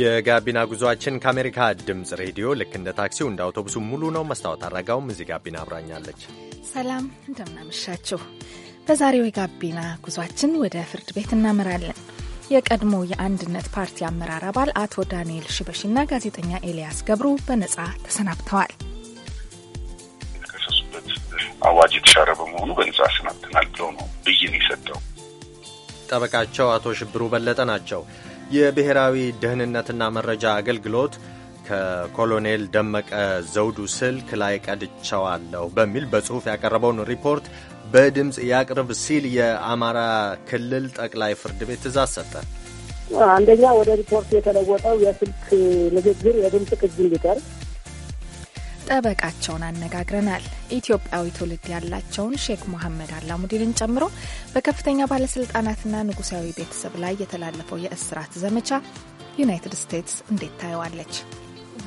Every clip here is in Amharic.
የጋቢና ጉዟችን ከአሜሪካ ድምፅ ሬዲዮ ልክ እንደ ታክሲው እንደ አውቶቡሱ ሙሉ ነው። መስታወት አረጋውም እዚህ ጋቢና አብራኛለች። ሰላም እንደምናመሻችሁ። በዛሬው የጋቢና ጉዟችን ወደ ፍርድ ቤት እናመራለን። የቀድሞ የአንድነት ፓርቲ አመራር አባል አቶ ዳንኤል ሽበሺና ጋዜጠኛ ኤልያስ ገብሩ በነጻ ተሰናብተዋል። የተከሰሱበት አዋጅ የተሻረ በመሆኑ በነጻ ሰናብተናል ብለው ነው ብይን የሰጠው። ጠበቃቸው አቶ ሽብሩ በለጠ ናቸው። የብሔራዊ ደህንነትና መረጃ አገልግሎት ከኮሎኔል ደመቀ ዘውዱ ስልክ ላይ ቀድቸዋለሁ በሚል በጽሑፍ ያቀረበውን ሪፖርት በድምፅ ያቅርብ ሲል የአማራ ክልል ጠቅላይ ፍርድ ቤት ትእዛዝ ሰጠ። አንደኛ ወደ ሪፖርት የተለወጠው የስልክ ንግግር የድምፅ ቅጅ እንዲቀርብ ጠበቃቸውን አነጋግረናል። ኢትዮጵያዊ ትውልድ ያላቸውን ሼክ መሐመድ አላሙዲንን ጨምሮ በከፍተኛ ባለስልጣናትና ንጉሳዊ ቤተሰብ ላይ የተላለፈው የእስራት ዘመቻ ዩናይትድ ስቴትስ እንዴት ታየዋለች?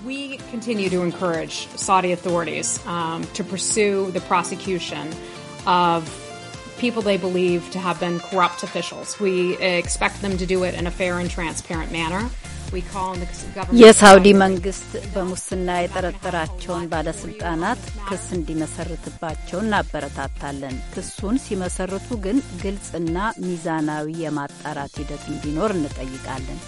We continue to encourage Saudi authorities um, to pursue the prosecution of people they believe to have been corrupt officials. We expect them to do it in a fair and transparent manner. የሳውዲ መንግስት በሙስና የጠረጠራቸውን ባለስልጣናት ክስ እንዲመሰርትባቸው እናበረታታለን። ክሱን ሲመሰርቱ ግን ግልጽና ሚዛናዊ የማጣራት ሂደት እንዲኖር እንጠይቃለን።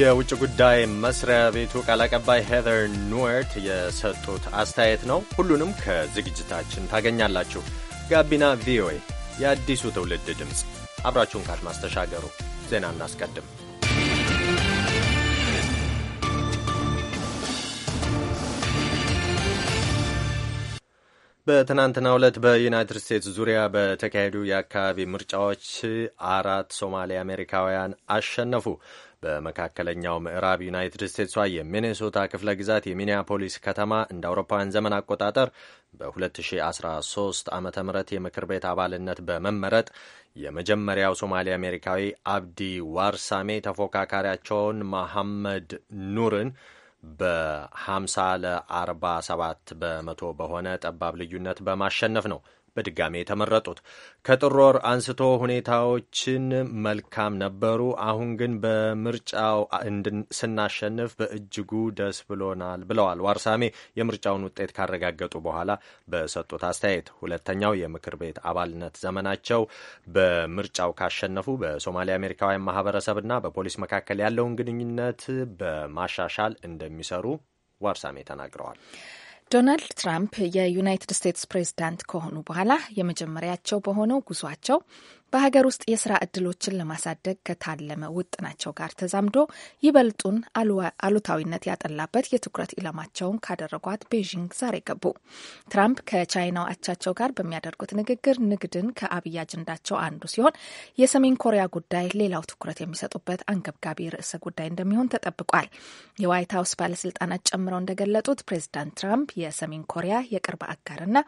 የውጭ ጉዳይ መስሪያ ቤቱ ቃል አቀባይ ሄዘር ኑዌርት የሰጡት አስተያየት ነው። ሁሉንም ከዝግጅታችን ታገኛላችሁ። ጋቢና ቪኦኤ የአዲሱ ትውልድ ድምፅ፣ አብራችሁን ካድማስ ተሻገሩ። ዜና እናስቀድም። በትናንትና ዕለት በዩናይትድ ስቴትስ ዙሪያ በተካሄዱ የአካባቢ ምርጫዎች አራት ሶማሌ አሜሪካውያን አሸነፉ። በመካከለኛው ምዕራብ ዩናይትድ ስቴትሷ የሚኔሶታ ክፍለ ግዛት የሚኒያፖሊስ ከተማ እንደ አውሮፓውያን ዘመን አቆጣጠር በ2013 ዓ ም የምክር ቤት አባልነት በመመረጥ የመጀመሪያው ሶማሌ አሜሪካዊ አብዲ ዋርሳሜ ተፎካካሪያቸውን መሐመድ ኑርን በ50 ለ47 በመቶ በሆነ ጠባብ ልዩነት በማሸነፍ ነው በድጋሜ የተመረጡት። ከጥር ወር አንስቶ ሁኔታዎችን መልካም ነበሩ። አሁን ግን በምርጫው ስናሸንፍ በእጅጉ ደስ ብሎናል ብለዋል ዋርሳሜ የምርጫውን ውጤት ካረጋገጡ በኋላ በሰጡት አስተያየት። ሁለተኛው የምክር ቤት አባልነት ዘመናቸው በምርጫው ካሸነፉ በሶማሌ አሜሪካውያን ማህበረሰብና በፖሊስ መካከል ያለውን ግንኙነት በማሻሻል እንደሚሰሩ ዋርሳሜ ተናግረዋል። ዶናልድ ትራምፕ የዩናይትድ ስቴትስ ፕሬዚዳንት ከሆኑ በኋላ የመጀመሪያቸው በሆነው ጉዟቸው በሀገር ውስጥ የስራ እድሎችን ለማሳደግ ከታለመ ውጥናቸው ጋር ተዛምዶ ይበልጡን አሉታዊነት ያጠላበት የትኩረት ኢላማቸውን ካደረጓት ቤዥንግ ዛሬ ገቡ። ትራምፕ ከቻይናው አቻቸው ጋር በሚያደርጉት ንግግር ንግድን ከአብይ አጀንዳቸው አንዱ ሲሆን የሰሜን ኮሪያ ጉዳይ ሌላው ትኩረት የሚሰጡበት አንገብጋቢ ርዕሰ ጉዳይ እንደሚሆን ተጠብቋል። የዋይት ሀውስ ባለስልጣናት ጨምረው እንደገለጡት ፕሬዚዳንት ትራምፕ የሰሜን ኮሪያ የቅርብ አጋርና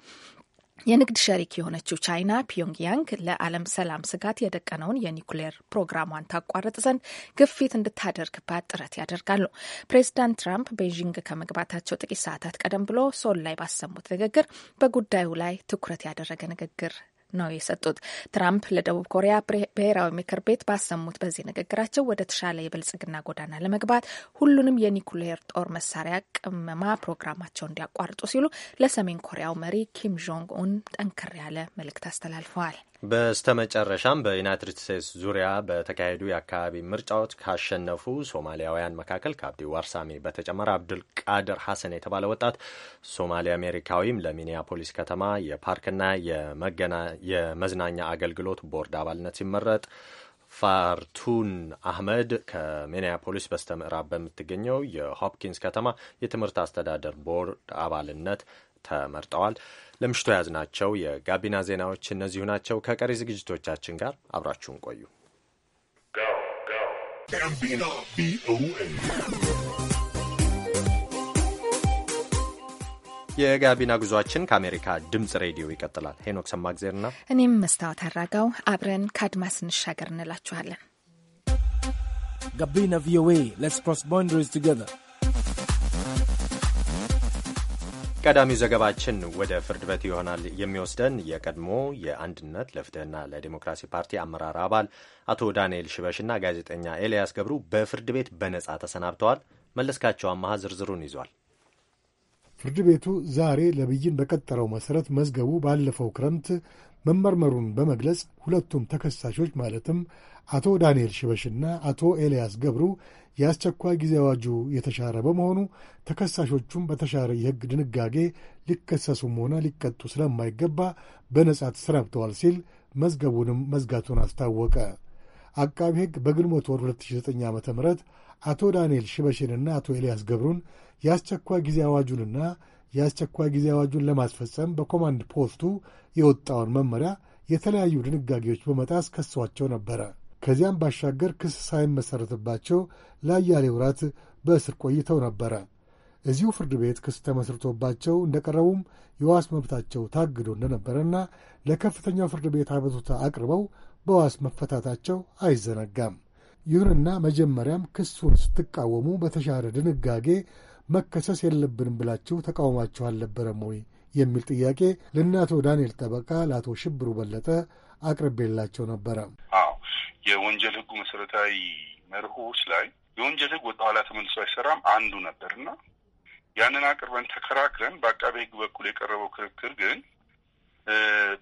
የንግድ ሸሪክ የሆነችው ቻይና ፒዮንግያንግ ለዓለም ሰላም ስጋት የደቀነውን የኒኩሌር ፕሮግራሟን ታቋረጥ ዘንድ ግፊት እንድታደርግባት ጥረት ያደርጋሉ። ፕሬዚዳንት ትራምፕ ቤይዥንግ ከመግባታቸው ጥቂት ሰዓታት ቀደም ብሎ ሶል ላይ ባሰሙት ንግግር በጉዳዩ ላይ ትኩረት ያደረገ ንግግር ነው የሰጡት። ትራምፕ ለደቡብ ኮሪያ ብሔራዊ ምክር ቤት ባሰሙት በዚህ ንግግራቸው ወደ ተሻለ የብልጽግና ጎዳና ለመግባት ሁሉንም የኒኩሌር ጦር መሳሪያ ቅመማ ፕሮግራማቸውን እንዲያቋርጡ ሲሉ ለሰሜን ኮሪያው መሪ ኪም ጆንግ ኡን ጠንከር ያለ መልእክት አስተላልፈዋል። በስተመጨረሻም በዩናይትድ ስቴትስ ዙሪያ በተካሄዱ የአካባቢ ምርጫዎች ካሸነፉ ሶማሊያውያን መካከል ከአብዲ ዋርሳሜ በተጨመረ አብዱል ቃድር ሐሰን የተባለ ወጣት ሶማሊ አሜሪካዊም ለሚኒያፖሊስ ከተማ የፓርክና የመዝናኛ አገልግሎት ቦርድ አባልነት ሲመረጥ ፋርቱን አህመድ ከሚኒያፖሊስ በስተ ምዕራብ በምትገኘው የሆፕኪንስ ከተማ የትምህርት አስተዳደር ቦርድ አባልነት ተመርጠዋል። ለምሽቱ የያዝናቸው የጋቢና ዜናዎች እነዚሁ ናቸው። ከቀሪ ዝግጅቶቻችን ጋር አብራችሁን ቆዩ። የጋቢና ጉዟችን ከአሜሪካ ድምፅ ሬዲዮ ይቀጥላል። ሄኖክ ሰማግዜርና እኔም መስታወት አራጋው አብረን ከአድማስ እንሻገር እንላችኋለን። ጋቢና ቪኦኤ ሌትስ ክሮስ ቦንደሪስ ቱጌዘር። ቀዳሚው ዘገባችን ወደ ፍርድ ቤት ይሆናል የሚወስደን የቀድሞ የአንድነት ለፍትህና ለዲሞክራሲ ፓርቲ አመራር አባል አቶ ዳንኤል ሽበሽና ጋዜጠኛ ኤልያስ ገብሩ በፍርድ ቤት በነጻ ተሰናብተዋል። መለስካቸው አማሃ ዝርዝሩን ይዟል። ፍርድ ቤቱ ዛሬ ለብይን በቀጠረው መሠረት መዝገቡ ባለፈው ክረምት መመርመሩን በመግለጽ ሁለቱም ተከሳሾች ማለትም አቶ ዳንኤል ሽበሽና አቶ ኤልያስ ገብሩ የአስቸኳይ ጊዜ አዋጁ የተሻረ በመሆኑ ተከሳሾቹም በተሻረ የሕግ ድንጋጌ ሊከሰሱም ሆነ ሊቀጡ ስለማይገባ በነጻ ተሰናብተዋል ሲል መዝገቡንም መዝጋቱን አስታወቀ። አቃቢ ሕግ በግንቦት ወር 2009 ዓ ም አቶ ዳንኤል ሽበሽንና አቶ ኤልያስ ገብሩን የአስቸኳይ ጊዜ አዋጁንና የአስቸኳይ ጊዜ አዋጁን ለማስፈጸም በኮማንድ ፖስቱ የወጣውን መመሪያ የተለያዩ ድንጋጌዎች በመጣስ ከሷቸው ነበረ። ከዚያም ባሻገር ክስ ሳይመሠረትባቸው ለአያሌ ውራት በእስር ቆይተው ነበረ። እዚሁ ፍርድ ቤት ክስ ተመስርቶባቸው እንደቀረቡም የዋስ መብታቸው ታግዶ እንደነበረና ለከፍተኛው ፍርድ ቤት አቤቱታ አቅርበው በዋስ መፈታታቸው አይዘነጋም። ይሁንና መጀመሪያም ክሱን ስትቃወሙ በተሻረ ድንጋጌ መከሰስ የለብንም ብላችሁ ተቃውማችሁ አልነበረም ወይ የሚል ጥያቄ ለእነ ዳንኤል ጠበቃ ለአቶ ሽብሩ በለጠ አቅርቤላቸው ነበረ። አዎ የወንጀል ህጉ መሰረታዊ መርሆች ላይ የወንጀል ህግ ወደ ኋላ ተመልሶ አይሰራም አንዱ ነበርና ያንን አቅርበን ተከራክረን በአቃቤ ህግ በኩል የቀረበው ክርክር ግን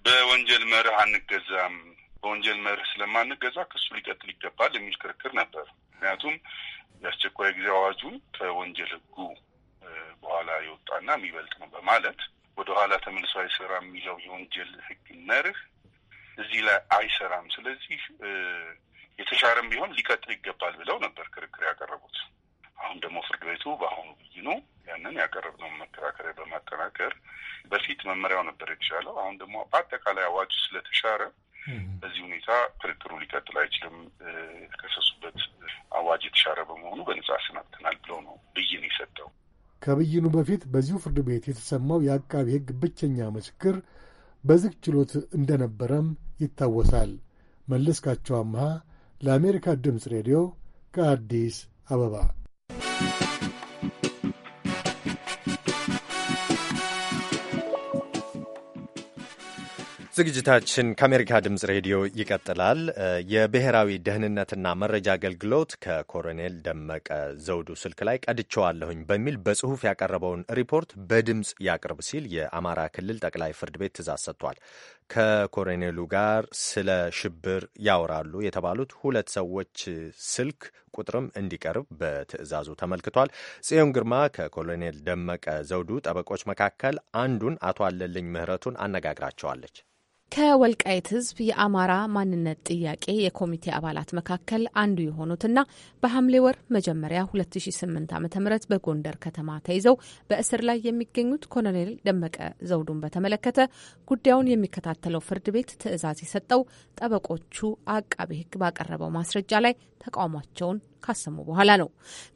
በወንጀል መርህ አንገዛም፣ በወንጀል መርህ ስለማንገዛ ክሱ ሊቀጥል ይገባል የሚል ክርክር ነበር። ምክንያቱም የአስቸኳይ ጊዜ አዋጁን ከወንጀል ህጉ በኋላ የወጣና የሚበልጥ ነው በማለት ወደ ኋላ ተመልሶ አይሰራ የሚለው የወንጀል ህግ መርህ እዚህ ላይ አይሰራም። ስለዚህ የተሻረም ቢሆን ሊቀጥል ይገባል ብለው ነበር ክርክር ያቀረቡት። አሁን ደግሞ ፍርድ ቤቱ በአሁኑ ብይኑ ያንን ያቀረብነውን መከራከሪያ በማጠናከር በፊት መመሪያው ነበር የተሻለው፣ አሁን ደግሞ በአጠቃላይ አዋጁ ስለተሻረ በዚህ ሁኔታ ክርክሩ ሊቀጥል አይችልም። የተከሰሱበት አዋጅ የተሻረ በመሆኑ በነጻ ሰናብተናል ብለው ነው ብይን የሰጠው። ከብይኑ በፊት በዚሁ ፍርድ ቤት የተሰማው የአቃቢ ሕግ ብቸኛ ምስክር በዝግ ችሎት እንደነበረም ይታወሳል። መለስካቸው አምሃ ለአሜሪካ ድምፅ ሬዲዮ ከአዲስ አበባ ዝግጅታችን ከአሜሪካ ድምፅ ሬዲዮ ይቀጥላል። የብሔራዊ ደህንነትና መረጃ አገልግሎት ከኮሎኔል ደመቀ ዘውዱ ስልክ ላይ ቀድቸዋለሁኝ በሚል በጽሁፍ ያቀረበውን ሪፖርት በድምፅ ያቅርብ ሲል የአማራ ክልል ጠቅላይ ፍርድ ቤት ትእዛዝ ሰጥቷል። ከኮሎኔሉ ጋር ስለ ሽብር ያወራሉ የተባሉት ሁለት ሰዎች ስልክ ቁጥርም እንዲቀርብ በትዕዛዙ ተመልክቷል። ጽዮን ግርማ ከኮሎኔል ደመቀ ዘውዱ ጠበቆች መካከል አንዱን አቶ አለልኝ ምህረቱን አነጋግራቸዋለች። ከወልቃይት ህዝብ የአማራ ማንነት ጥያቄ የኮሚቴ አባላት መካከል አንዱ የሆኑትና በሐምሌ ወር መጀመሪያ 2008 ዓ ም በጎንደር ከተማ ተይዘው በእስር ላይ የሚገኙት ኮሎኔል ደመቀ ዘውዱን በተመለከተ ጉዳዩን የሚከታተለው ፍርድ ቤት ትዕዛዝ የሰጠው ጠበቆቹ አቃቢ ህግ ባቀረበው ማስረጃ ላይ ተቃውሟቸውን ካሰሙ በኋላ ነው።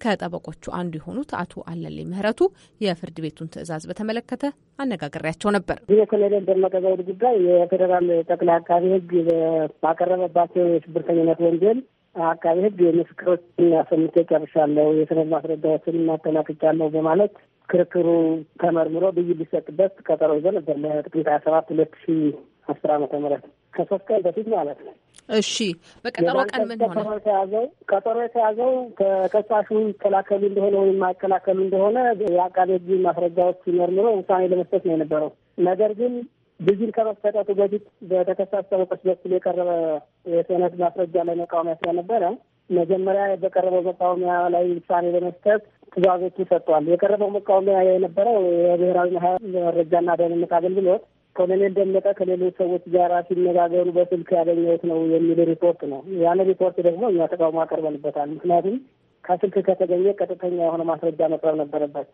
ከጠበቆቹ አንዱ የሆኑት አቶ አለሌ ምህረቱ የፍርድ ቤቱን ትዕዛዝ በተመለከተ አነጋግሬያቸው ነበር። ይህ የኮሎኔል ደመቀ ዘውዱ ጉዳይ የፌዴራል ጠቅላይ አቃቢ ሕግ ባቀረበባቸው የሽብርተኝነት ወንጀል አቃቢ ሕግ ምስክሮችን አሰምቼ ጨርሻለሁ፣ የሰነድ ማስረጃዎችን ማጠናቅቄያለሁ በማለት ክርክሩ ተመርምሮ ብይን ሊሰጥበት ቀጠሮ ይዘው ነበር ለጥቅምት ሀያ ሰባት ሁለት ሺ አስር አመተ ምህረት ከሶስት በፊት ማለት ነው። እሺ በቀጠሮ ቀን ምን ሆነ? የተያዘው ቀጠሮ የተያዘው ተከሳሹ ይከላከሉ እንደሆነ ወይም የማይከላከሉ እንደሆነ የአቃቤ ሕግ ማስረጃዎች መርምሮ ውሳኔ ለመስጠት ነው የነበረው። ነገር ግን ብይን ከመሰጠቱ በፊት በተከሳሽ ጠበቆች በኩል የቀረበ የሰነድ ማስረጃ ላይ መቃወሚያ ስለነበረ መጀመሪያ በቀረበው መቃወሚያ ላይ ውሳኔ ለመስጠት ትዕዛዞቹ ሰጥቷል። የቀረበው መቃወሚያ የነበረው የብሔራዊ መረጃና ደህንነት አገልግሎት ኮሎኔል ደመቀ ከሌሎች ሰዎች ጋር ሲነጋገሩ በስልክ ያገኘሁት ነው የሚል ሪፖርት ነው። ያን ሪፖርት ደግሞ እኛ ተቃውሞ አቀርበንበታል። ምክንያቱም ከስልክ ከተገኘ ቀጥተኛ የሆነ ማስረጃ መቅረብ ነበረበት፣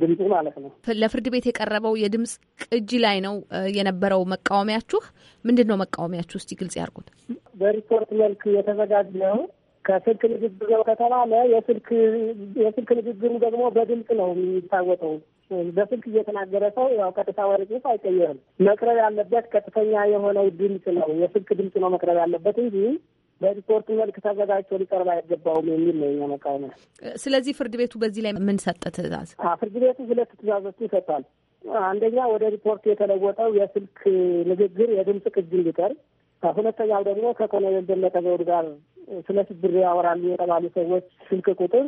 ድምፁ ማለት ነው። ለፍርድ ቤት የቀረበው የድምፅ ቅጂ ላይ ነው የነበረው መቃወሚያችሁ። ምንድን ነው መቃወሚያችሁ? እስቲ ግልጽ ያርጉት። በሪፖርት መልክ የተዘጋጀው ከስልክ ንግግር ነው ከተባለ የስልክ የስልክ ንግግሩ ደግሞ በድምፅ ነው የሚታወቀው። በስልክ እየተናገረ ሰው ያው ቀጥታ ወደ ጽሁፍ አይቀየርም። መቅረብ ያለበት ቀጥተኛ የሆነው ድምፅ ነው፣ የስልክ ድምፅ ነው መቅረብ ያለበት እንጂ በሪፖርት መልክ ተዘጋጅቶ ሊቀርብ አይገባውም የሚል ነው የኛ መቃወሚያ። ስለዚህ ፍርድ ቤቱ በዚህ ላይ ምን ሰጠ ትእዛዝ? ፍርድ ቤቱ ሁለት ትእዛዞች ይሰጣል። አንደኛ ወደ ሪፖርት የተለወጠው የስልክ ንግግር የድምፅ ቅጅ እንዲቀርብ ሁለተኛው ደግሞ ከኮሎኔል ደመቀ ዘውድ ጋር ስለ ሽብር ያወራሉ የተባሉ ሰዎች ስልክ ቁጥር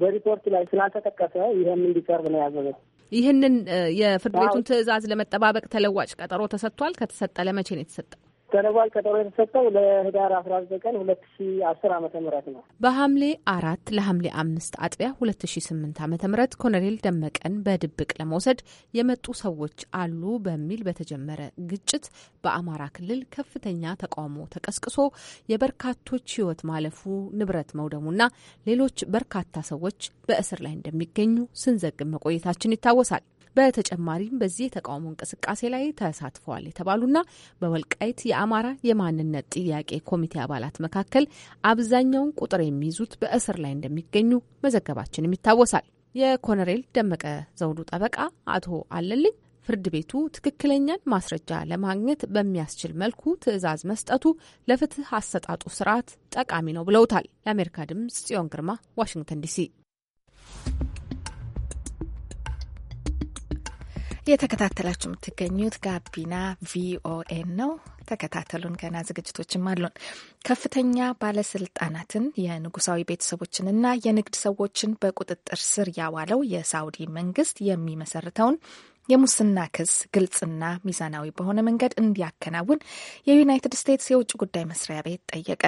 በሪፖርት ላይ ስላልተጠቀሰ ይህም እንዲቀርብ ነው ያዘዘው። ይህንን የፍርድ ቤቱን ትዕዛዝ ለመጠባበቅ ተለዋጭ ቀጠሮ ተሰጥቷል። ከተሰጠ ለመቼ ነው የተሰጠው? ተለዋጭ ቀጠሮ የተሰጠው ለህዳር አስራ ዘጠኝ ቀን ሁለት ሺ አስር አመተ ምህረት ነው። በሐምሌ አራት ለሐምሌ አምስት አጥቢያ ሁለት ሺ ስምንት አመተ ምህረት ኮሎኔል ደመቀን በድብቅ ለመውሰድ የመጡ ሰዎች አሉ በሚል በተጀመረ ግጭት በአማራ ክልል ከፍተኛ ተቃውሞ ተቀስቅሶ የበርካቶች ህይወት ማለፉ፣ ንብረት መውደሙና ሌሎች በርካታ ሰዎች በእስር ላይ እንደሚገኙ ስንዘግብ መቆየታችን ይታወሳል። በተጨማሪም በዚህ የተቃውሞ እንቅስቃሴ ላይ ተሳትፈዋል የተባሉና በወልቃይት የአማራ የማንነት ጥያቄ ኮሚቴ አባላት መካከል አብዛኛውን ቁጥር የሚይዙት በእስር ላይ እንደሚገኙ መዘገባችንም ይታወሳል። የኮነሬል ደመቀ ዘውዱ ጠበቃ አቶ አለልኝ ፍርድ ቤቱ ትክክለኛን ማስረጃ ለማግኘት በሚያስችል መልኩ ትዕዛዝ መስጠቱ ለፍትህ አሰጣጡ ስርዓት ጠቃሚ ነው ብለውታል። ለአሜሪካ ድምጽ ጽዮን ግርማ ዋሽንግተን ዲሲ። እየተከታተላችሁ የምትገኙት ጋቢና ቪኦኤን ነው። ተከታተሉን። ገና ዝግጅቶችም አሉን። ከፍተኛ ባለስልጣናትን የንጉሳዊ ቤተሰቦችንና የንግድ ሰዎችን በቁጥጥር ስር ያዋለው የሳውዲ መንግስት የሚመሰርተውን የሙስና ክስ ግልጽና ሚዛናዊ በሆነ መንገድ እንዲያከናውን የዩናይትድ ስቴትስ የውጭ ጉዳይ መስሪያ ቤት ጠየቀ።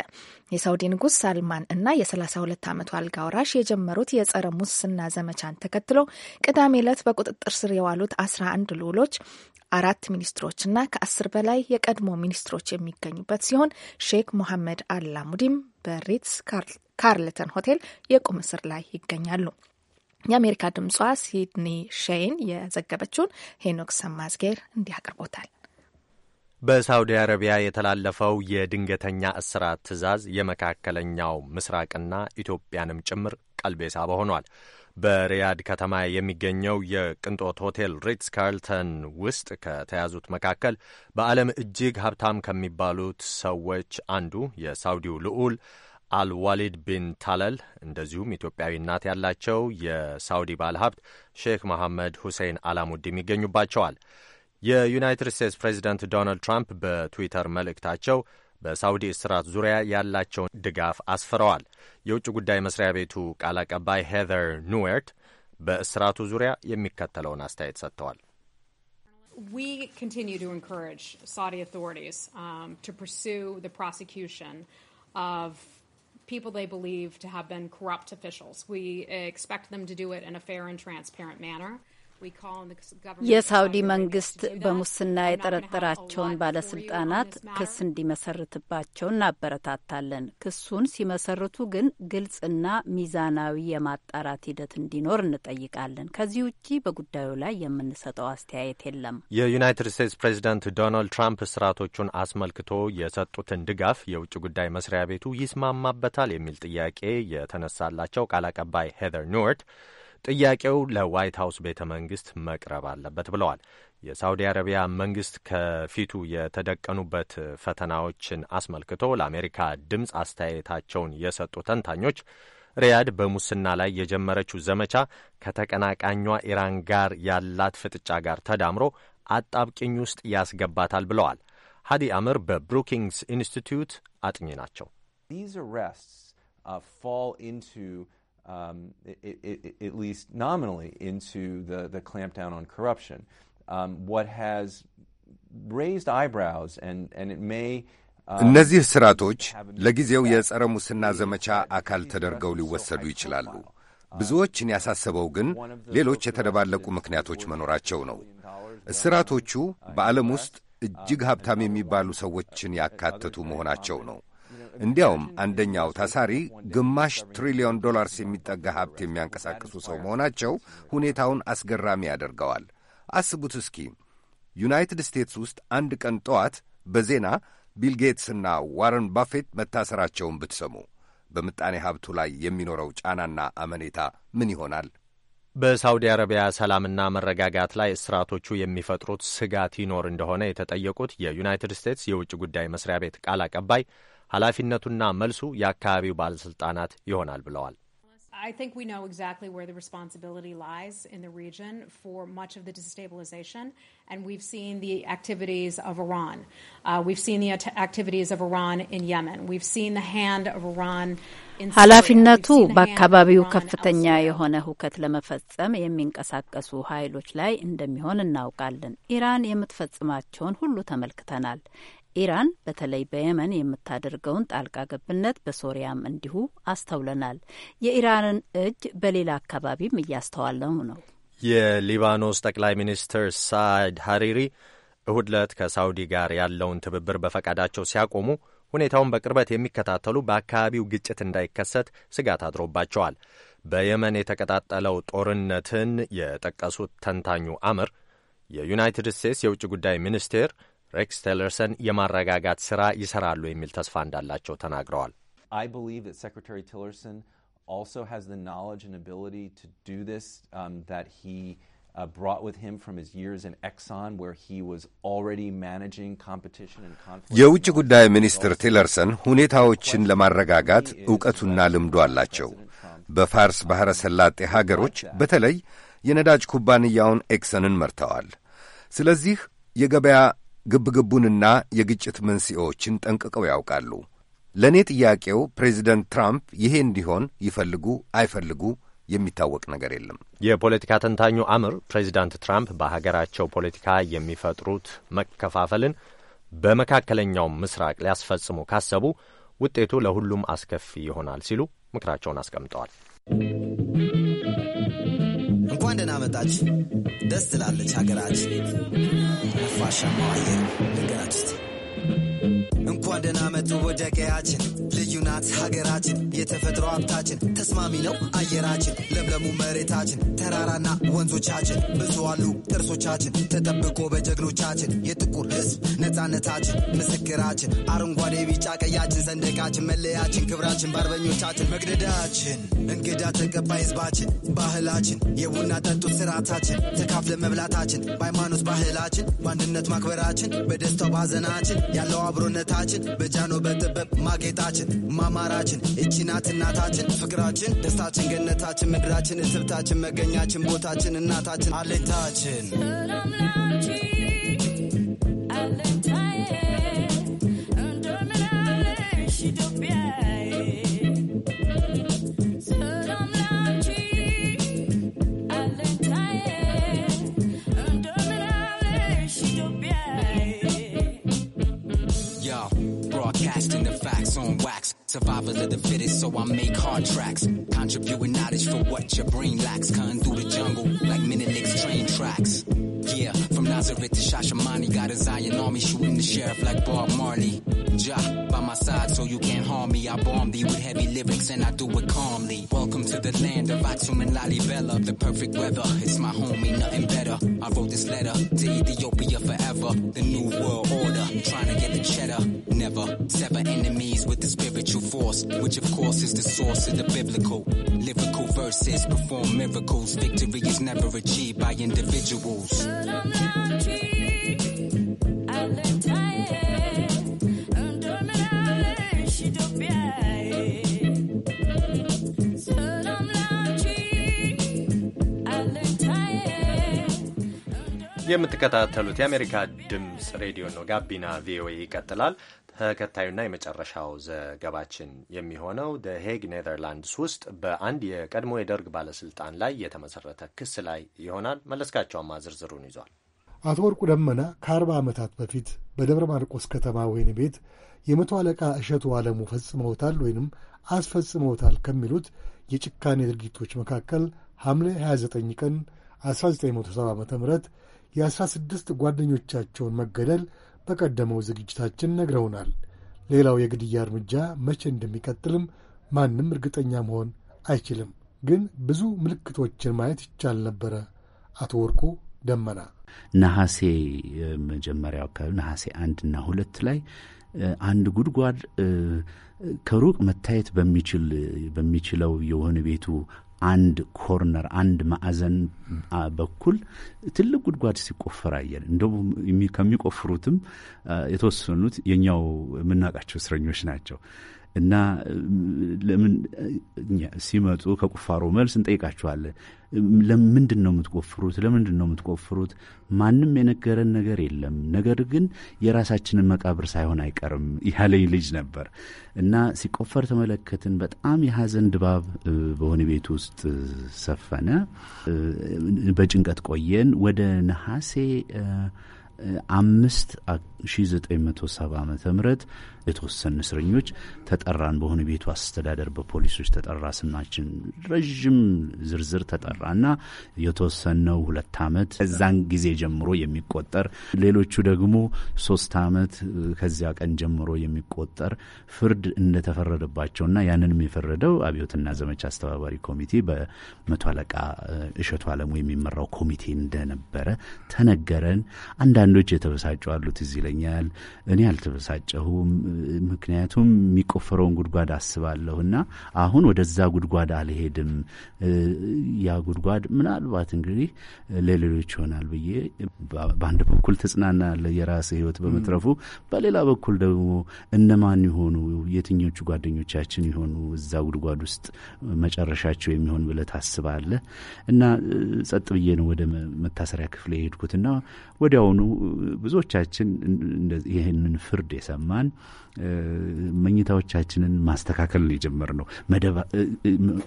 የሳውዲ ንጉስ ሳልማን እና የ32 ዓመቱ አልጋ ወራሽ የጀመሩት የጸረ ሙስና ዘመቻን ተከትሎ ቅዳሜ ዕለት በቁጥጥር ስር የዋሉት 11 ልዑሎች አራት ሚኒስትሮችና ከአስር በላይ የቀድሞ ሚኒስትሮች የሚገኙበት ሲሆን ሼክ ሞሐመድ አላሙዲም በሪትስ ካርልተን ሆቴል የቁም እስር ላይ ይገኛሉ። የአሜሪካ ድምጿ ሲድኒ ሼን የዘገበችውን ሄኖክ ሰማዝጌር እንዲህ አቅርቦታል። በሳውዲ አረቢያ የተላለፈው የድንገተኛ እስራት ትዕዛዝ የመካከለኛው ምስራቅና ኢትዮጵያንም ጭምር ቀልቤ ሳባ ሆኗል። በሪያድ ከተማ የሚገኘው የቅንጦት ሆቴል ሪትስ ካርልተን ውስጥ ከተያዙት መካከል በዓለም እጅግ ሀብታም ከሚባሉት ሰዎች አንዱ የሳውዲው ልዑል አልዋሊድ ቢን ታለል እንደዚሁም ኢትዮጵያዊ እናት ያላቸው የሳውዲ ባለሀብት ሼክ መሐመድ ሁሴን አላሙዲም ይገኙባቸዋል። የዩናይትድ ስቴትስ ፕሬዚደንት ዶናልድ ትራምፕ በትዊተር መልእክታቸው በሳውዲ እስራት ዙሪያ ያላቸውን ድጋፍ አስፍረዋል። የውጭ ጉዳይ መስሪያ ቤቱ ቃል አቀባይ ሄዘር ኑዌርት በእስራቱ ዙሪያ የሚከተለውን አስተያየት ሰጥተዋል። We continue to encourage Saudi authorities um, to pursue the prosecution of people they believe to have been corrupt officials. We expect them to do it in a fair and transparent manner. የሳውዲ መንግስት በሙስና የጠረጠራቸውን ባለስልጣናት ክስ እንዲመሰርትባቸው እናበረታታለን። ክሱን ሲመሰርቱ ግን ግልጽና ሚዛናዊ የማጣራት ሂደት እንዲኖር እንጠይቃለን። ከዚህ ውጪ በጉዳዩ ላይ የምንሰጠው አስተያየት የለም። የዩናይትድ ስቴትስ ፕሬዚደንት ዶናልድ ትራምፕ ስርዓቶቹን አስመልክቶ የሰጡትን ድጋፍ የውጭ ጉዳይ መስሪያ ቤቱ ይስማማበታል የሚል ጥያቄ የተነሳላቸው ቃል አቀባይ ሄዘር ኒወርት ጥያቄው ለዋይት ሀውስ ቤተ መንግስት መቅረብ አለበት ብለዋል። የሳውዲ አረቢያ መንግስት ከፊቱ የተደቀኑበት ፈተናዎችን አስመልክቶ ለአሜሪካ ድምፅ አስተያየታቸውን የሰጡ ተንታኞች ሪያድ በሙስና ላይ የጀመረችው ዘመቻ ከተቀናቃኟ ኢራን ጋር ያላት ፍጥጫ ጋር ተዳምሮ አጣብቂኝ ውስጥ ያስገባታል ብለዋል። ሀዲ አምር በብሩኪንግስ ኢንስቲትዩት አጥኚ ናቸው። uh, um, it, it, it, at least nominally, into the, the clampdown on corruption. Um, what has raised eyebrows, and, and it may uh, እነዚህ ስርዓቶች ለጊዜው የጸረ ሙስና ዘመቻ አካል ተደርገው ሊወሰዱ ይችላሉ። ብዙዎችን ያሳሰበው ግን ሌሎች የተደባለቁ ምክንያቶች መኖራቸው ነው። እስራቶቹ በዓለም ውስጥ እጅግ ሀብታም የሚባሉ ሰዎችን ያካተቱ መሆናቸው ነው። እንዲያውም አንደኛው ታሳሪ ግማሽ ትሪሊዮን ዶላርስ የሚጠጋ ሀብት የሚያንቀሳቅሱ ሰው መሆናቸው ሁኔታውን አስገራሚ ያደርገዋል። አስቡት እስኪ ዩናይትድ ስቴትስ ውስጥ አንድ ቀን ጠዋት በዜና ቢል ጌትስና ዋረን ባፌት መታሰራቸውን ብትሰሙ በምጣኔ ሀብቱ ላይ የሚኖረው ጫናና አመኔታ ምን ይሆናል? በሳውዲ አረቢያ ሰላምና መረጋጋት ላይ እስራቶቹ የሚፈጥሩት ስጋት ይኖር እንደሆነ የተጠየቁት የዩናይትድ ስቴትስ የውጭ ጉዳይ መስሪያ ቤት ቃል አቀባይ ኃላፊነቱና መልሱ የአካባቢው ባለሥልጣናት ይሆናል ብለዋል። I think we know exactly where the responsibility lies in the region for much of the destabilization, and we've seen the activities of Iran. Uh, we've seen the activities of Iran in Yemen. We've seen the hand of Iran. ኃላፊነቱ በአካባቢው ከፍተኛ የሆነ ሁከት ለመፈጸም የሚንቀሳቀሱ ኃይሎች ላይ እንደሚሆን እናውቃለን። ኢራን የምትፈጽማቸውን ሁሉ ተመልክተናል። ኢራን በተለይ በየመን የምታደርገውን ጣልቃ ገብነት በሶሪያም እንዲሁ አስተውለናል። የኢራንን እጅ በሌላ አካባቢም እያስተዋለው ነው። የሊባኖስ ጠቅላይ ሚኒስትር ሳድ ሀሪሪ እሁድ ዕለት ከሳውዲ ጋር ያለውን ትብብር በፈቃዳቸው ሲያቆሙ ሁኔታውን በቅርበት የሚከታተሉ በአካባቢው ግጭት እንዳይከሰት ስጋት አድሮባቸዋል። በየመን የተቀጣጠለው ጦርነትን የጠቀሱት ተንታኙ አምር የዩናይትድ ስቴትስ የውጭ ጉዳይ ሚኒስቴር ሬክስ ቴለርሰን የማረጋጋት ስራ ይሰራሉ የሚል ተስፋ እንዳላቸው ተናግረዋል። የውጭ ጉዳይ ሚኒስትር ቲለርሰን ሁኔታዎችን ለማረጋጋት እውቀቱና ልምዱ አላቸው። በፋርስ ባሕረ ሰላጤ ሀገሮች በተለይ የነዳጅ ኩባንያውን ኤክሰንን መርተዋል። ስለዚህ የገበያ ግብግቡንና የግጭት መንስኤዎችን ጠንቅቀው ያውቃሉ። ለእኔ ጥያቄው ፕሬዚደንት ትራምፕ ይሄ እንዲሆን ይፈልጉ አይፈልጉ የሚታወቅ ነገር የለም። የፖለቲካ ተንታኙ አምር ፕሬዚዳንት ትራምፕ በሀገራቸው ፖለቲካ የሚፈጥሩት መከፋፈልን በመካከለኛው ምስራቅ ሊያስፈጽሙ ካሰቡ ውጤቱ ለሁሉም አስከፊ ይሆናል ሲሉ ምክራቸውን አስቀምጠዋል። እየመጣች ደስ ትላለች ሀገራችን ነፋሻማ አየር ልንገራችሁ እንኳን ደህና መጡ ወደ ቀያችን። ልዩ ናት ሀገራችን፣ የተፈጥሮ ሀብታችን። ተስማሚ ነው አየራችን፣ ለምለሙ መሬታችን፣ ተራራና ወንዞቻችን። ብዙ አሉ ጥርሶቻችን፣ ተጠብቆ በጀግኖቻችን። የጥቁር ሕዝብ ነፃነታችን፣ ምስክራችን። አረንጓዴ ቢጫ ቀያችን፣ ሰንደቃችን፣ መለያችን፣ ክብራችን፣ በአርበኞቻችን መግደዳችን። እንግዳ ተቀባይ ሕዝባችን፣ ባህላችን፣ የቡና ጠጡት ስርዓታችን፣ ተካፍለ መብላታችን፣ በሃይማኖት ባህላችን፣ በአንድነት ማክበራችን፣ በደስታው ባዘናችን ያለው አብሮነታችን ሀገራችን በጃኖ በጥበብ ማጌጣችን ማማራችን እቺ ናት እናታችን ፍቅራችን ደስታችን ገነታችን ምድራችን እስብታችን መገኛችን ቦታችን እናታችን አለኝታችን so I make hard tracks. Contributing knowledge for what your brain lacks. Cutting through the jungle like Menelik's train tracks. Yeah, from Nazareth to Shashamani, got a Zion army shooting the sheriff like Bob Marley. Ja, by my side so you can't harm me. I bomb thee with heavy lyrics and I do it calmly. Welcome to the land of Atum and Lalibela, the perfect weather. It's my home verse of the biblical. Lyrical verses perform miracles. Victory is never achieved by individuals. የምትከታተሉት የአሜሪካ ድምፅ ሬዲዮ ነው። ጋቢና ቪኦኤ ይቀጥላል። ተከታዩና የመጨረሻው ዘገባችን የሚሆነው ደሄግ ኔዘርላንድስ ውስጥ በአንድ የቀድሞ የደርግ ባለስልጣን ላይ የተመሰረተ ክስ ላይ ይሆናል። መለስካቸውማ ዝርዝሩን ይዟል። አቶ ወርቁ ደመና ከአርባ ዓመታት በፊት በደብረ ማርቆስ ከተማ ወህኒ ቤት የመቶ አለቃ እሸቱ ዓለሙ ፈጽመውታል ወይንም አስፈጽመውታል ከሚሉት የጭካኔ ድርጊቶች መካከል ሐምሌ 29 ቀን 1970 ዓ ም የ16 ጓደኞቻቸውን መገደል በቀደመው ዝግጅታችን ነግረውናል። ሌላው የግድያ እርምጃ መቼ እንደሚቀጥልም ማንም እርግጠኛ መሆን አይችልም፣ ግን ብዙ ምልክቶችን ማየት ይቻል ነበረ። አቶ ወርቁ ደመና ነሐሴ መጀመሪያው አካባቢ ነሐሴ አንድና ሁለት ላይ አንድ ጉድጓድ ከሩቅ መታየት በሚችል በሚችለው የሆነ ቤቱ አንድ ኮርነር አንድ ማዕዘን በኩል ትልቅ ጉድጓድ ሲቆፈር አየን። እንደውም ከሚቆፍሩትም የተወሰኑት የኛው የምናውቃቸው እስረኞች ናቸው። እና ለምን ሲመጡ ከቁፋሮ መልስ እንጠይቃቸዋለን። ለምንድን ነው የምትቆፍሩት? ለምንድን ነው የምትቆፍሩት? ማንም የነገረን ነገር የለም። ነገር ግን የራሳችንን መቃብር ሳይሆን አይቀርም ያለኝ ልጅ ነበር እና ሲቆፈር ተመለከትን። በጣም የሀዘን ድባብ በሆነ ቤት ውስጥ ሰፈነ። በጭንቀት ቆየን። ወደ ነሐሴ አምስት ሺ ዘጠኝ መቶ ሰባ ዓመተ ምህረት የተወሰኑ እስረኞች ተጠራን። በሆነ ቤቱ አስተዳደር በፖሊሶች ተጠራ። ስማችን ረዥም ዝርዝር ተጠራ እና የተወሰነው ሁለት አመት እዛን ጊዜ ጀምሮ የሚቆጠር ሌሎቹ ደግሞ ሶስት አመት ከዚያ ቀን ጀምሮ የሚቆጠር ፍርድ እንደተፈረደባቸውና ያንንም የፈረደው አብዮትና ዘመቻ አስተባባሪ ኮሚቴ በመቶ አለቃ እሸቱ አለሙ የሚመራው ኮሚቴ እንደነበረ ተነገረን። አንዳንዶች የተበሳጩ አሉት። እዚህ ይለኛል እኔ አልተበሳጨሁም። ምክንያቱም የሚቆፈረውን ጉድጓድ አስባለሁ እና አሁን ወደዛ ጉድጓድ አልሄድም። ያ ጉድጓድ ምናልባት እንግዲህ ለሌሎች ይሆናል ብዬ በአንድ በኩል ተጽናናለ የራስ ህይወት በመትረፉ፣ በሌላ በኩል ደግሞ እነማን ይሆኑ የትኞቹ ጓደኞቻችን ይሆኑ እዛ ጉድጓድ ውስጥ መጨረሻቸው የሚሆን ብለህ ታስባለህ እና ጸጥ ብዬ ነው ወደ መታሰሪያ ክፍል የሄድኩትና ወዲያውኑ ብዙዎቻችን ይህንን ፍርድ የሰማን መኝታዎቻችንን ማስተካከል ነው የጀመርነው።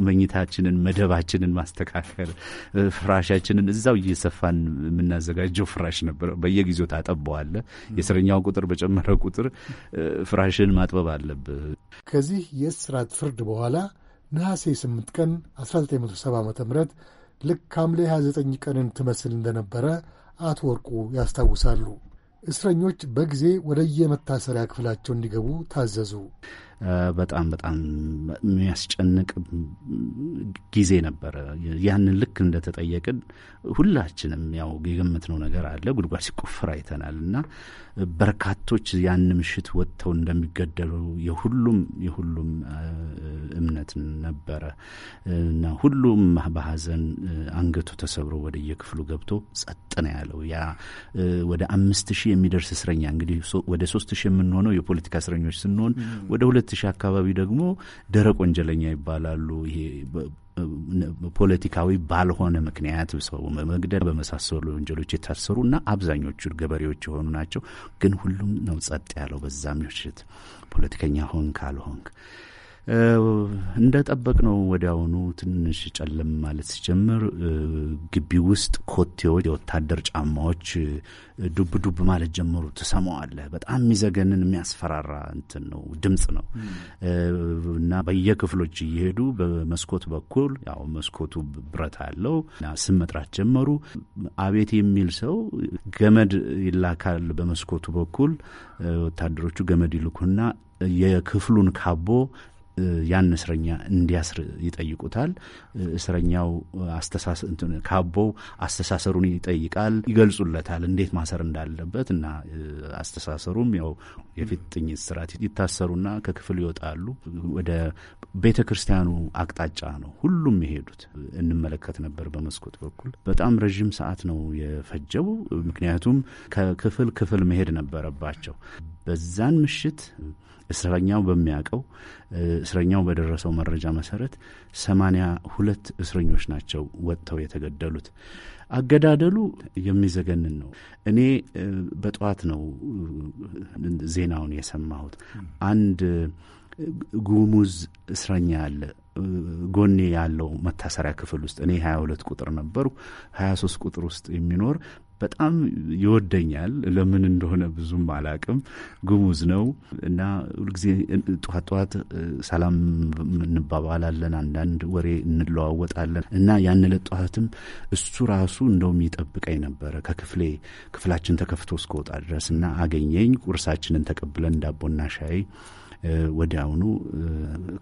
መኝታችንን፣ መደባችንን ማስተካከል፣ ፍራሻችንን እዛው እየሰፋን የምናዘጋጀው ፍራሽ ነበረ። በየጊዜው ታጠበዋለ። የእስረኛው ቁጥር በጨመረ ቁጥር ፍራሽን ማጥበብ አለብህ። ከዚህ የእስራት ፍርድ በኋላ ነሐሴ 8 ቀን 1970 ዓ ም ልክ ሐምሌ 29 ቀንን ትመስል እንደነበረ አቶ ወርቁ ያስታውሳሉ። እስረኞች በጊዜ ወደየመታሰሪያ ክፍላቸው እንዲገቡ ታዘዙ። በጣም በጣም የሚያስጨንቅ ጊዜ ነበረ። ያንን ልክ እንደተጠየቅን ሁላችንም ያው የገመትነው ነገር አለ። ጉድጓድ ሲቆፍር አይተናል እና በርካቶች ያን ምሽት ወጥተው እንደሚገደሉ የሁሉም የሁሉም እምነት ነበረ እና ሁሉም በሀዘን አንገቱ ተሰብሮ ወደ የክፍሉ ገብቶ ጸጥ ነው ያለው። ያ ወደ አምስት ሺህ የሚደርስ እስረኛ እንግዲህ ወደ ሶስት ሺህ የምንሆነው የፖለቲካ እስረኞች ስንሆን ወደ ሁለት ሁለት ሺህ አካባቢ ደግሞ ደረቅ ወንጀለኛ ይባላሉ። ይሄ ፖለቲካዊ ባልሆነ ምክንያት ሰው በመግደል በመሳሰሉ ወንጀሎች የታሰሩ እና አብዛኞቹ ገበሬዎች የሆኑ ናቸው። ግን ሁሉም ነው ጸጥ ያለው በዛም ምሽት ፖለቲከኛ ሆንክ አልሆንክ እንደጠበቅ ነው። ወዲያውኑ ትንሽ ጨለም ማለት ሲጀምር ግቢ ውስጥ ኮቴዎች፣ የወታደር ጫማዎች ዱብ ዱብ ማለት ጀመሩ። ትሰማዋለህ። በጣም የሚዘገንን የሚያስፈራራ እንትን ነው ድምፅ ነው እና በየክፍሎች እየሄዱ በመስኮት በኩል ያው መስኮቱ ብረት አለው ስም መጥራት ጀመሩ። አቤት የሚል ሰው ገመድ ይላካል በመስኮቱ በኩል ወታደሮቹ ገመድ ይልኩና የክፍሉን ካቦ ያን እስረኛ እንዲያስር ይጠይቁታል። እስረኛው ካቦው አስተሳሰሩን ይጠይቃል፣ ይገልጹለታል እንዴት ማሰር እንዳለበት እና አስተሳሰሩም ያው የፊት ጥኝት ስርዓት ይታሰሩና ከክፍል ይወጣሉ። ወደ ቤተ ክርስቲያኑ አቅጣጫ ነው ሁሉም የሄዱት። እንመለከት ነበር በመስኮት በኩል። በጣም ረዥም ሰዓት ነው የፈጀው፣ ምክንያቱም ከክፍል ክፍል መሄድ ነበረባቸው በዛን ምሽት እስረኛው በሚያውቀው እስረኛው በደረሰው መረጃ መሰረት ሰማንያ ሁለት እስረኞች ናቸው ወጥተው የተገደሉት። አገዳደሉ የሚዘገንን ነው። እኔ በጠዋት ነው ዜናውን የሰማሁት። አንድ ጉሙዝ እስረኛ አለ ጎኔ ያለው መታሰሪያ ክፍል ውስጥ እኔ ሀያ ሁለት ቁጥር ነበርኩ። ሀያ ሶስት ቁጥር ውስጥ የሚኖር በጣም ይወደኛል። ለምን እንደሆነ ብዙም አላቅም። ጉሙዝ ነው እና ሁልጊዜ ጠዋት ጠዋት ሰላም እንባባላለን፣ አንዳንድ ወሬ እንለዋወጣለን እና ያን ዕለት ጠዋትም እሱ ራሱ እንደውም ይጠብቀኝ ነበረ ከክፍሌ ክፍላችን ተከፍቶ እስከወጣ ድረስ እና አገኘኝ። ቁርሳችንን ተቀብለን ዳቦና ሻይ ወዲያውኑ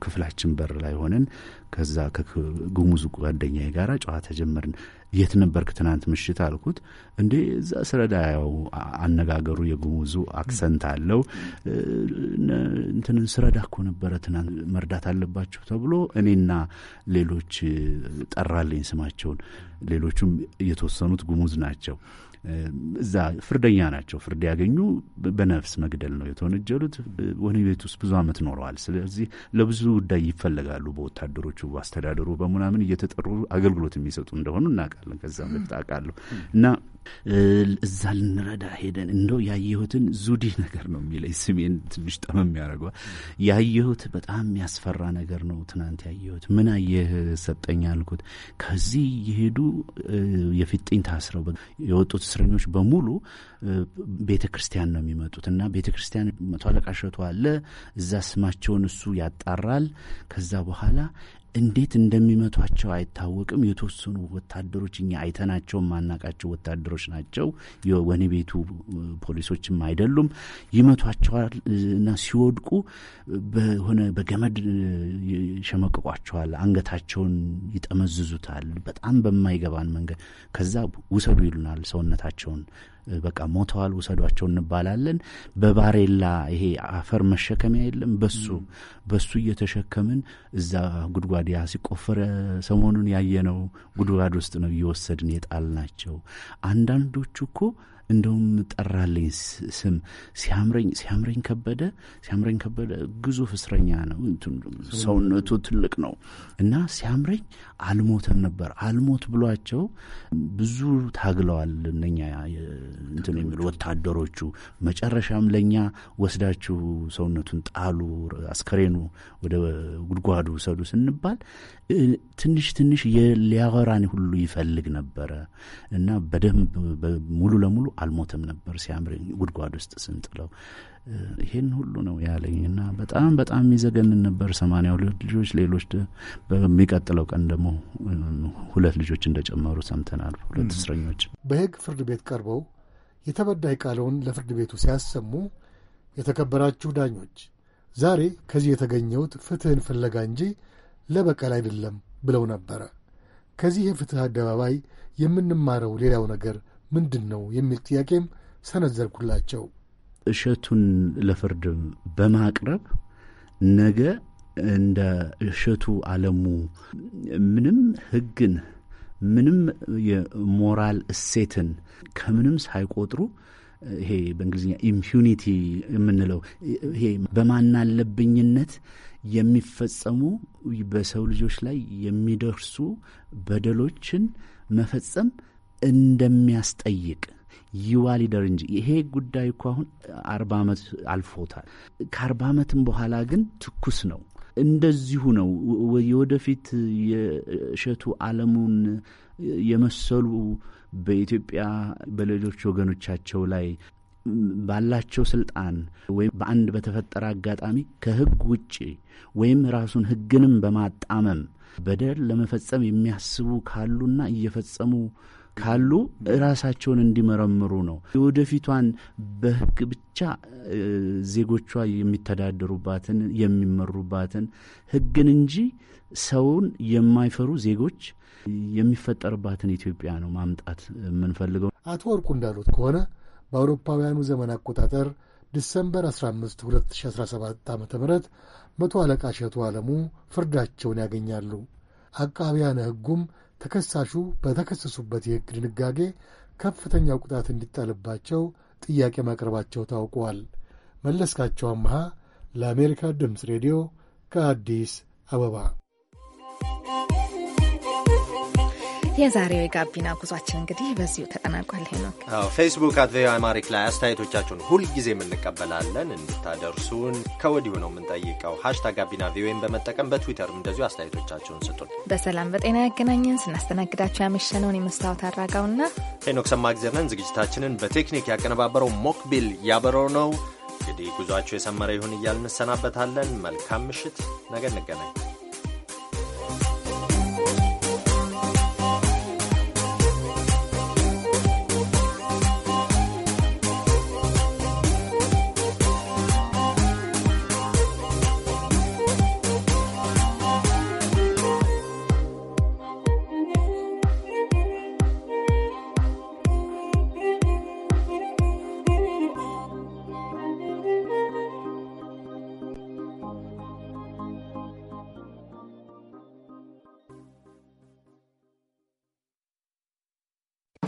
ክፍላችን በር ላይ ሆነን ከዛ ከጉሙዝ ጓደኛ ጋር ጨዋ ተጀመርን። የት ነበርክ ትናንት ምሽት አልኩት። እንዴ እዛ ስረዳ፣ ያው አነጋገሩ የጉሙዙ አክሰንት አለው። እንትንን ስረዳ እኮ ነበረ ትናንት መርዳት አለባችሁ ተብሎ እኔና ሌሎች ጠራልኝ ስማቸውን። ሌሎቹም የተወሰኑት ጉሙዝ ናቸው። እዛ ፍርደኛ ናቸው። ፍርድ ያገኙ በነፍስ መግደል ነው የተወነጀሉት። ወህኒ ቤት ውስጥ ብዙ ዓመት ኖረዋል። ስለዚህ ለብዙ ጉዳይ ይፈለጋሉ። በወታደሮቹ በአስተዳደሩ በምናምን እየተጠሩ አገልግሎት የሚሰጡ እንደሆኑ እናውቃለን። ከዛም በፊት አውቃለሁ እና እዛ ልንረዳ ሄደን እንደው ያየሁትን ዙዲ ነገር ነው የሚለኝ ስሜን ትንሽ ጠመም የሚያደርገዋል። ያየሁት በጣም የሚያስፈራ ነገር ነው። ትናንት ያየሁት ምን አየህ ሰጠኝ አልኩት። ከዚህ እየሄዱ የፊጥኝ ታስረው የወጡት እስረኞች በሙሉ ቤተ ክርስቲያን ነው የሚመጡት እና ቤተ ክርስቲያን መቶ አለቃ እሸቱ አለ እዛ ስማቸውን እሱ ያጣራል። ከዛ በኋላ እንዴት እንደሚመቷቸው አይታወቅም። የተወሰኑ ወታደሮች እኛ አይተናቸው ማናቃቸው ወታደሮች ናቸው። የወህኒ ቤቱ ፖሊሶችም አይደሉም። ይመቷቸዋል እና ሲወድቁ በሆነ በገመድ ይሸመቅቋቸዋል። አንገታቸውን ይጠመዝዙታል በጣም በማይገባን መንገድ። ከዛ ውሰዱ ይሉናል ሰውነታቸውን በቃ ሞተዋል ውሰዷቸው እንባላለን። በባሬላ ይሄ አፈር መሸከሚያ የለም በሱ በሱ እየተሸከምን እዛ ጉድጓድ ያ ሲቆፈረ ሰሞኑን ያየነው ጉድጓድ ውስጥ ነው እየወሰድን ናቸው። አንዳንዶቹ እኮ እንደውም ጠራልኝ ስም ሲያምረኝ ሲያምረኝ ከበደ ሲያምረኝ ከበደ ግዙፍ እስረኛ ነው። ሰውነቱ ትልቅ ነው እና ሲያምረኝ አልሞተም ነበር። አልሞት ብሏቸው ብዙ ታግለዋል እነኛ እንትን የሚሉ ወታደሮቹ። መጨረሻም ለእኛ ወስዳችሁ ሰውነቱን ጣሉ፣ አስከሬኑ ወደ ጉድጓዱ ውሰዱ ስንባል ትንሽ ትንሽ ሊያወራን ሁሉ ይፈልግ ነበረ እና በደንብ ሙሉ ለሙሉ አልሞተም ነበር። ሲያምር ጉድጓድ ውስጥ ስንጥለው ይሄን ሁሉ ነው ያለኝ እና በጣም በጣም የሚዘገንን ነበር። ሰማንያ ሁለት ልጆች ሌሎች በሚቀጥለው ቀን ደግሞ ሁለት ልጆች እንደጨመሩ ሰምተናል። ሁለት እስረኞች በሕግ ፍርድ ቤት ቀርበው የተበዳይ ቃለውን ለፍርድ ቤቱ ሲያሰሙ የተከበራችሁ ዳኞች ዛሬ ከዚህ የተገኘሁት ፍትህን ፍለጋ እንጂ ለበቀል አይደለም ብለው ነበረ። ከዚህ የፍትሕ አደባባይ የምንማረው ሌላው ነገር ምንድን ነው የሚል ጥያቄም ሰነዘርኩላቸው። እሸቱን ለፍርድ በማቅረብ ነገ እንደ እሸቱ አለሙ ምንም ህግን ምንም የሞራል እሴትን ከምንም ሳይቆጥሩ ይሄ በእንግሊዝኛ ኢምፒዩኒቲ የምንለው ይሄ በማናለብኝነት የሚፈጸሙ በሰው ልጆች ላይ የሚደርሱ በደሎችን መፈጸም እንደሚያስጠይቅ ይዋሊደር እንጂ ይሄ ጉዳይ እኮ አሁን አርባ ዓመት አልፎታል። ከአርባ ዓመትም በኋላ ግን ትኩስ ነው። እንደዚሁ ነው። የወደፊት የእሸቱ ዓለሙን የመሰሉ በኢትዮጵያ በሌሎች ወገኖቻቸው ላይ ባላቸው ስልጣን ወይም በአንድ በተፈጠረ አጋጣሚ ከህግ ውጭ ወይም ራሱን ህግንም በማጣመም በደል ለመፈጸም የሚያስቡ ካሉና እየፈጸሙ ካሉ ራሳቸውን እንዲመረምሩ ነው። የወደፊቷን በህግ ብቻ ዜጎቿ የሚተዳደሩባትን የሚመሩባትን ህግን እንጂ ሰውን የማይፈሩ ዜጎች የሚፈጠርባትን ኢትዮጵያ ነው ማምጣት የምንፈልገው። አቶ ወርቁ እንዳሉት ከሆነ በአውሮፓውያኑ ዘመን አቆጣጠር ዲሰምበር 15 2017 ዓ ም መቶ አለቃ ሸቱ ዓለሙ ፍርዳቸውን ያገኛሉ። አቃቢያነ ሕጉም ተከሳሹ በተከሰሱበት የሕግ ድንጋጌ ከፍተኛው ቅጣት እንዲጣልባቸው ጥያቄ ማቅረባቸው ታውቋል። መለስካቸው አምሃ ለአሜሪካ ድምፅ ሬዲዮ ከአዲስ አበባ የዛሬው የጋቢና ጉዟችን እንግዲህ በዚሁ ተጠናቋል። ሄኖክ ፌስቡክ አት ቪኦኤ አማሪክ ላይ አስተያየቶቻችሁን ሁልጊዜ የምንቀበላለን እንድታደርሱን ከወዲሁ ነው የምንጠይቀው። ሀሽታግ ጋቢና ቪኦኤን በመጠቀም በትዊተርም እንደዚሁ አስተያየቶቻችሁን ስጡን። በሰላም በጤና ያገናኘን። ስናስተናግዳችሁ ያመሸነውን የመስታወት አድራጋውና ሄኖክ ሰማግዘርን ዝግጅታችንን በቴክኒክ ያቀነባበረው ሞክቢል ያበረው ነው። እንግዲህ ጉዟችሁ የሰመረ ይሁን እያል እንሰናበታለን። መልካም ምሽት፣ ነገ እንገናኝ።